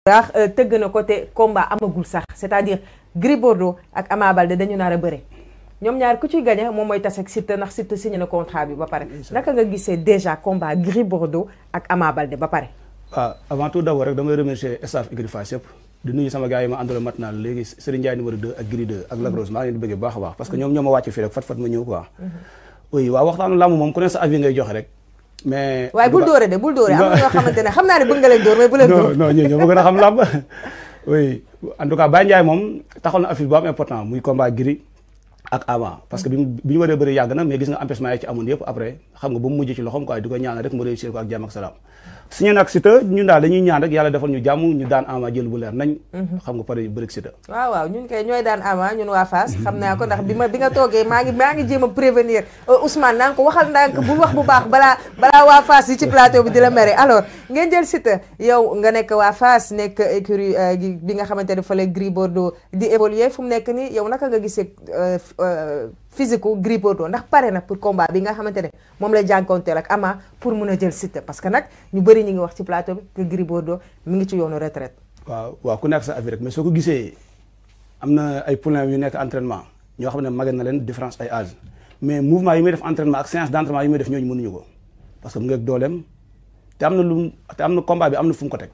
ndax euh, tëgg na côté combat amagul sax c'est-à-dire Gris Bordeaux ak Ama Baldé dañu nar a bëre ñoom ñaar ku ci gagné mom moy tase ak site nak site signé le contrat bi ba paré naka nga gissé déjà combat Gris Bordeaux ak Ama Baldé ba paré ah avant tout d'abord rek damay remercier staff Gris Fass de di nuyu sama gars yi ma àndaloon matinal léegi Serigne Ndiaye numéro 2 ak Gris 2 ak Lac ma ngi di bëgg bu baax a baax parce que ñom ñoma wacc fi rek fat fat ma ñëw quoi. Mhm. oui wa waxtaanu làmb mom ku ne sa avis ngay joxe rek. mais waaye bul dóore de bul dóore am na ñoo xamante ne xam naa ne bëgg nga leen dóor mais bu leen dóor non ñoo bëgg a xam làmb oui en tout cas Baye moom taxal na affiche bu am important muy combat giri ak avant parce que bi ñu waree bëri yàgg na mais gis nga empêchement yi ci amoon yëpp après xam nga ba mu ci loxoom quoi di ko ñaan rek mu réussir ko ak jàmm ak salaam suñu nag Siteu ñun daal dañuy ñaan rek yàlla defal ñu jàmm ñu daan ama jël bu nañ mhm. xam nga toogee maa ngi maa prévenir euh, Ousmane naan ko waxal ndànk bu wax bu baax balaa waa Fass yi ci plateau bi di la mere alors ngeen jël Siteu yow nga nekk waa Fass nekk écurie euh, bi nga xamante Euh, physique Gris Bordeaux ndax pare na pour combat bi nga xamante ne moom lay jànkonteel ak Ama pour mun a jël parce que nag ñu bëri ñu ngi wax ci plateau bi que Gris ngi ci yoonu retraite. waaw waaw ku nekk sa avis soo ko gisee am na ay problème yu nekk entraînement ñoo xam ne màgget na leen différence ay âge mais mouvement yi def entraînement ak séance d' entraînement yi muy def ñooñu que mu ngi am na lu am na combat bi am na fu mu ko teg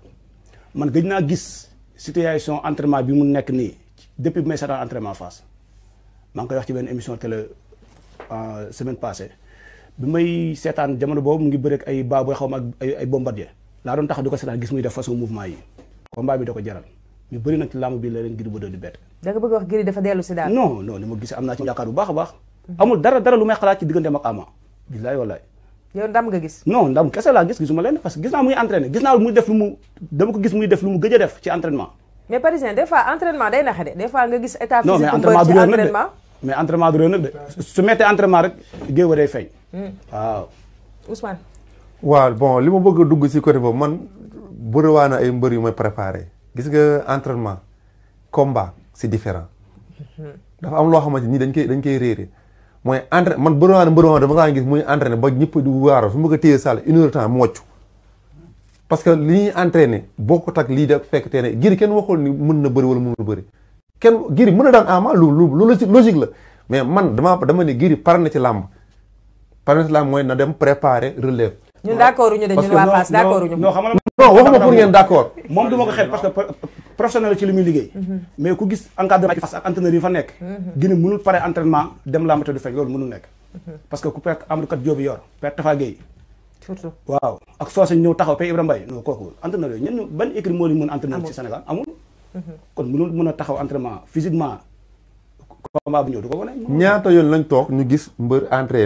man gëj naa gis situation entraînement bi mu nekk nii depuis bi may seetaan entraînement face. mang koy wax ci ben émission télé en euh, semaine passée bi may sétane jamono bobu mu ngi bëreeg ay baaboy xaw ma ak ay bombardier la doon tax duko sétane gis muy def façon mouvement yi combat bi da jaral ñu bëri nak ci lamb bi la leen giri ba doon di bett da nga bëgg wax giri dafa dellu ci daal non non ni mo gis amna ci yaakaar bu baax baax amul dara dara lu may xalaat ci digënde mak ama billahi wallahi yow ndam nga gis non ndam kessa la gis gisuma leen parce que gisna muy entraîner gisna muy def lu mu dama ko gis muy def lu mu gëjë def ci entraînement mais parisien des fois entraînement day naxe de des fois nga gis état physique non mais entraînement bi mais entraînement du renard se mettre entraînement rek geu a fay. Hmm. waaw. Ousmane. waaw bon limu bëgg dugg ci côté bob man bëriwaa na ay mbeur yu may préparer gis nga entraînement combat c'est différent hmm. dafa am lo xamanteni ni dañ koy dañ koy réeré moy entraîné man bëriwaa na mbër dama nga gis muy entraîner ba ñepp du waaroo su mëgg ko téye salle une heure temps moccu parce que li ñi entraîner bokku tak li def fekk tee ne giri kenn waxul ni mëna na bëri wala mënul bëri kenn Gris mën a daan Ama lu lu logique la mais man dama dama ne Gris pare na ci làmb pare na ci làmb mooy na dem préparer relève. ñun d' accord ñu de ñun moom du ma ko xeeb mhm. ku gis encadrement ci mhm. mhm. Kat Diop yor perte Tafa Gueye. waaw ak soo sañ taxaw pe Ibrahima Mbaye non kooku entraîneur yooyu ban écrit moo leen mën entraîneur kon mënul mun a taxaw entraînement physiquement combat bu ñëw du ko wane. ñaata yoon lañ toog ñu gis mbër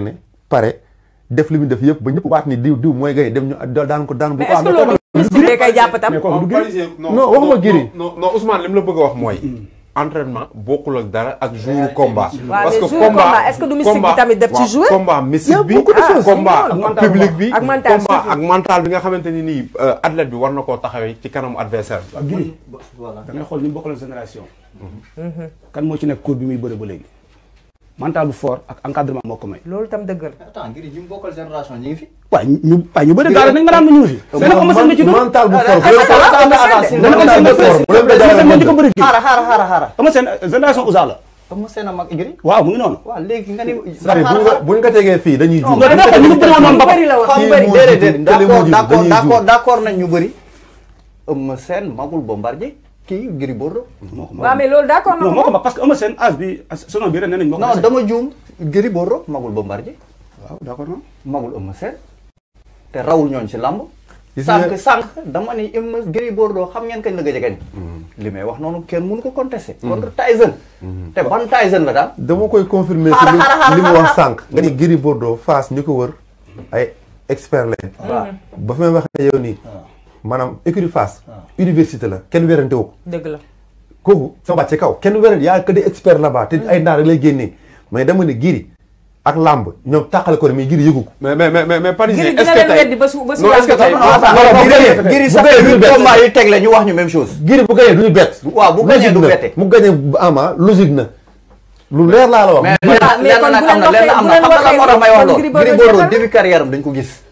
ne pare def li mu def yëpp ba ñëpp waat ni diw diw mooy gay dem ñu daan ko daan. bu ko amee mais est-ce que loolu. kay jàpp tam. non waxuma giri non non Ousmane li mu la bëgg a wax mooy. Mm. entraînement bokkul ak dara ak jour combat. parce que combat est-ce que du mystique bi tamit def ci jouer combat mystique bi ah, combat public bi ak mental bi nga xamante ni nii euh, athlète bi war na koo taxawee ci kanam adversaire bi. da ngay xool ñu bokk génération. Mm-hmm. kan moo ci nekk cour bi muy bëre ba léegi. mental bu fort ak encadrement moo ko may. loolu tam dëgg la. attends ngir ñu bokkal génération ñu ngi fi. waaw ñu waaw ñu bëri gaara nañ ma naan ma ñu ngi fi. ci mental bu fort bu seen euh, génération Ousa la. Eumeu Sène a mag Gris. waaw mu ngi noonu. waaw léegi nga ni. bu ñu ko tegee fii dañuy juum. d'accord d'accord d'accord nañ ñu bëri. Eumeu Sène magul Bombardier kii Gris Bordeaux. waaw mais loolu d'accord non moo ko mag parce que am na seen âge bi saison bi ren nee nañ. non dama juum Gris Bordeaux magul Bombardier. waaw d'accord non magul am na seen. te rawul ñooñ dama ni Eumeu Bordeaux xam ngeen kañ la gëj a gañ mm-hmm. li may wax noonu kenn mënu ko contester. Mm-hmm. contre Tyson. Mm-hmm. te ban Tyson la daal. dama koy confirmer si li mu wax sànq. nga ni Gris Bordeaux face ñu ko wër ay expert lañ. waaw ba fi may waxee yow nii. Ah. maanaam écurie Fass ah. université la kenn werante wu ko. dëgg la ci kaw kenn werante yaa que des experts là-bas te ay naar rek lay génnee mais dama ne giri ak làmb ñoom tàqale ko ne mais giri yëgu ko. mais mais mais mais giri bu yi teg la ñu wax ñu même chose. giri bu gagné du ñu bett. waaw bu gagné du bette mu gagné ama logique na. lu leer laa la wax. am na lenn am na xam nga la moo giri boobu début carrière am dañ ko gis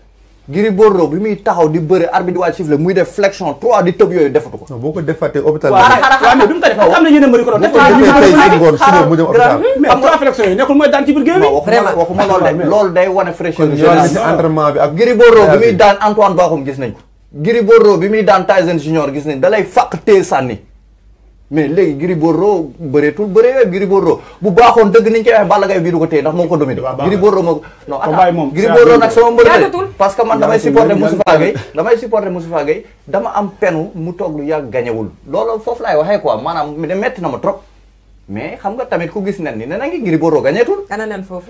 Gris Bordeaux bi muy taxaw di bëre arbitre di waaj siffle muy def flexion trois di tëb yooyu defatu ko. boo ko defatee hôpital. waaw xaaral bi mu ko def am na ñu ne mëri ko doon def. xaaral mu dem hôpital. mais trois flexion yi nekkul mooy daan ci biir waxuma loolu de loolu day wane fraîcheur générale. kon entraînement bi ak. Gris bi muy daan Antoine Bakhoum gis nañ ko. Gris Bordeaux bi muy daan Tyson Junior gis nañ da lay fàq mais léegi Gris Bordeaux bëreetul bëree wee Gris Bordeaux bu baaxoon dëgg niñ koy waxee Balla Gaye bii du ko téye ndax moo ko dominé Gris Bordeaux moo ko non attends nag sama que man damay supporté Moustapha Gueye damay supporté Moustapha Gueye dama am penu mu toog lu waxee quoi maanaam ne metti na ma trop mais xam nga tamit ku gis nen ni ne na ngi Gris Bordeaux gañeetul ana nen foofu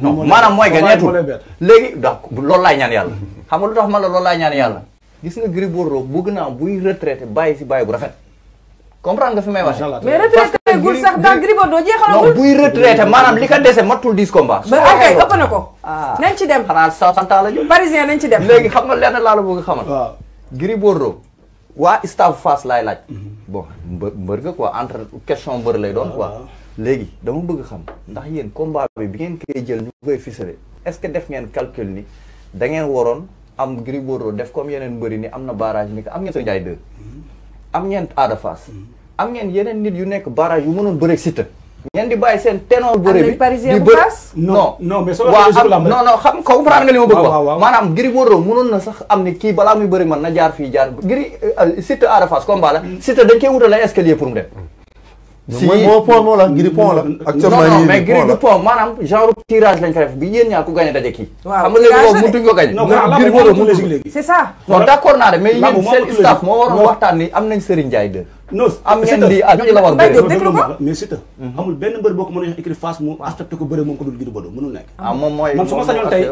non maanaam mooy gañeetul léegi donc loolu laay ñaan yàlla xam nga lu tax la loolu laay ñaan yàlla gis nga Gris Bordeaux bëgg naa buy retraité bàyyi si bàyyi bu rafet comprendre nga fi may waxee. mais retraité gul sax daal Gris Bordeaux jeexalagul. buy retraité maanaam li ko dese matul 10 combats. ba ok ëpp ko. Ah. nañ ci dem xanaa 60 ans la ñu. parisien nañ ci dem. léegi xam nga lenn laa la bëgg xamal. waaw waa staff Fass laay laaj. bon mbër nga quoi entre question mbër lay doon quoi. léegi dama bëgg xam ndax yéen combat bi bi ngeen koy jël ñu koy ficelé est-ce que def ngeen calcul ni da ngeen waroon am Gris Bordeaux def comme yeneen mbëri ni am na barrage ni am ngeen sa njaay am ngeen Ada Fass am ngeen yeneen nit yu nekk barrage yu mënoon bëreeg Siteu. ngeen di bàyyi seen ténor bëre bi parisien bu Fass non non mais non non xam comprendre nga li ma bëgg wax maanaam Gris Bordeaux mënoon na sax am ni kii balaa muy bëri man na jaar fii jaar Gris euh, Siteu Ada Fass combat la mm. dañ koy wutale escalier pour mu dem si moo pont moo la Gris pont la. actuellement non non mais Gris du pont maanaam bi yéen ñaa ko gagné daje kii. waaw tirage la de xam nga léegi boobu mëntuñ ko gagné. naa de mais yéen seen staff moo waroon waxtaan am nañ Serigne Ndiaye de. non am ah, ngeen di ak ki la war bëri mais Siteu ah, mm-hmm. amul benn mbër boo ko mën a jox écrit face mu accepté ko bëri moom ko dul Gris Bordeaux mënul nekk ah moom mooy man su ma sañoon tey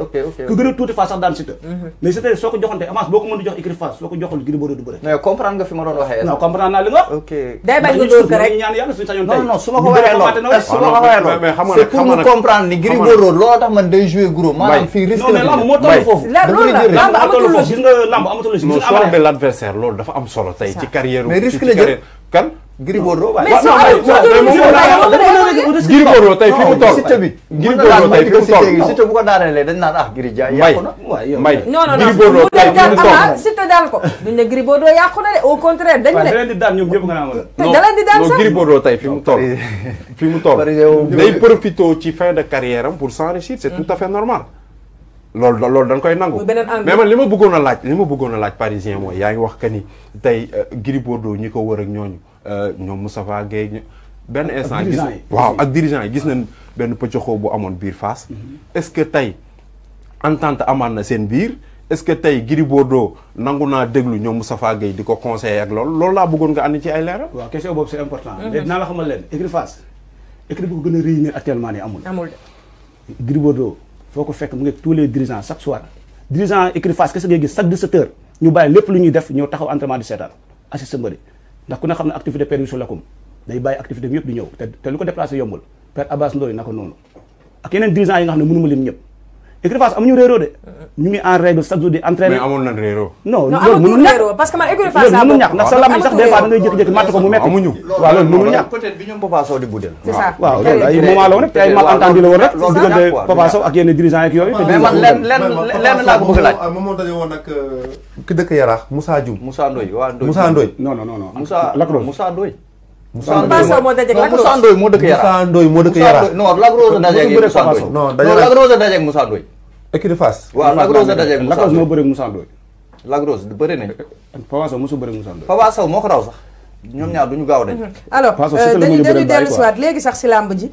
ku gën a tuuti face sax daan Siteu mm-hmm. mais Siteu soo ko joxoon tey avance boo ko mën a jox écrit face soo ko joxul Gris Bordeaux du bëri mais comprendre nga fi ma doon waxee non comprendre naa li nga ok day bañ nga dóor ko rek ñaan yàlla suñu sañoon tey non non su ma ko waxee loolu su ma ko waxee loolu c'est pour mu comprendre ni Gris Bordeaux looloo tax man day jouer gros maanaam fii risque la lamb moo toll foofu lamb amatul logique gis nga lamb amatul logique choix de l'adversaire loolu dafa am solo tey ci carrière mais risque la jël kan. Gris Bordeaux waaye. mais Gris Bordeaux tey fi mu toll. Siteu bi Gris fi mu toll. ne Gris da leen di nga naan wala. da leen di daan sax Gris Bordeaux tey fi ci fin de carrière am pour s'enrichir c'est tout à fait normal. loolu loolu dañ koy nangu mais man li ma bëggoon a laaj li ma bëggoon a laaj parisien mooy yaa ngi wax que ni tey euh, Gris Bordeaux ñi ko wër ak ñooñu euh, ñoom Moustapha Gueye benn instant gis waaw ak dirigeant yi gis nañ benn pëccoxoo bu amoon biir Fass mm-hmm. est-ce que tey entente amaan na seen biir est-ce que tey Gris Bordeaux nangu naa déglu ñoom Moustapha Gueye di ko conseiller ak lool loolu laa bëggoon nga ànd ci ay leeral waaw question boobu c'est important mm-hmm. mais dinaa la xamal leen écurie Fass écurie bu ko gën a réunir actuellement nii amul amul foo ko fekk mu ngi tous les dirigeants chaque soir dirigeant écurie Fass kese ngay gis chaque 17 heures ñu bàyyi lépp lu ñuy def ñëw taxaw entraînement di seetaan assisté mbëri ndax ku ne xam ne activité père Youssou Lakoum day bàyyi activité yëpp du ñëw te lu ko déplacé yombul père Abbas Ndoye naka noonu ak yeneen dirigeants yi nga xam ne mënu ma lim ñëpp écurie Fass amuñu réeróo de. Euh. ñu ngi en règle chaque jour di entraîner. mais amoon na réeróo. non loolu mënul ñàkk parce que man écurie Fass laa bokk ndax sa lamb sax des fois da ngay jékki-jékki matt ko mu metti. amuñu waaw loolu mënul ñàkk peut-être bi ñoom Papa Sow di budel. c'est ça waaw loolu ay moment la woon rek te ay malentendu la woon rek. loolu diggante Papa Sow ak yenn dirigeants yeeg yooyu. mais man lenn lenn lenn laa ko bëgg laaj. moom moom dañoo woon nag euh, ki dëkk Yaraax Moussa Dioum. Moussa Ndoye waaw Ndoye Moussa Ndoye. non non non Moussa Lacrosse Moussa Ndoye Moussa Ndoye moo dëkk Yaraax Moussa Ndoye moo dëkk Yaraax non Lac Rose dajeeg Moussa Ndoye non Lac Rose dajeeg Moussa Ndoye équipe de face. waaw Lac Rose moo bëreeg Moussa Ndoye. Lac Rose bëri nañ. Papa Sow mosu bëreeg Moussa Ndoye. moo ko raw sax ñoom ñaar duñu gaaw dañ. alors euh, dañu dañu dellusiwaat léegi sax si làmb ji.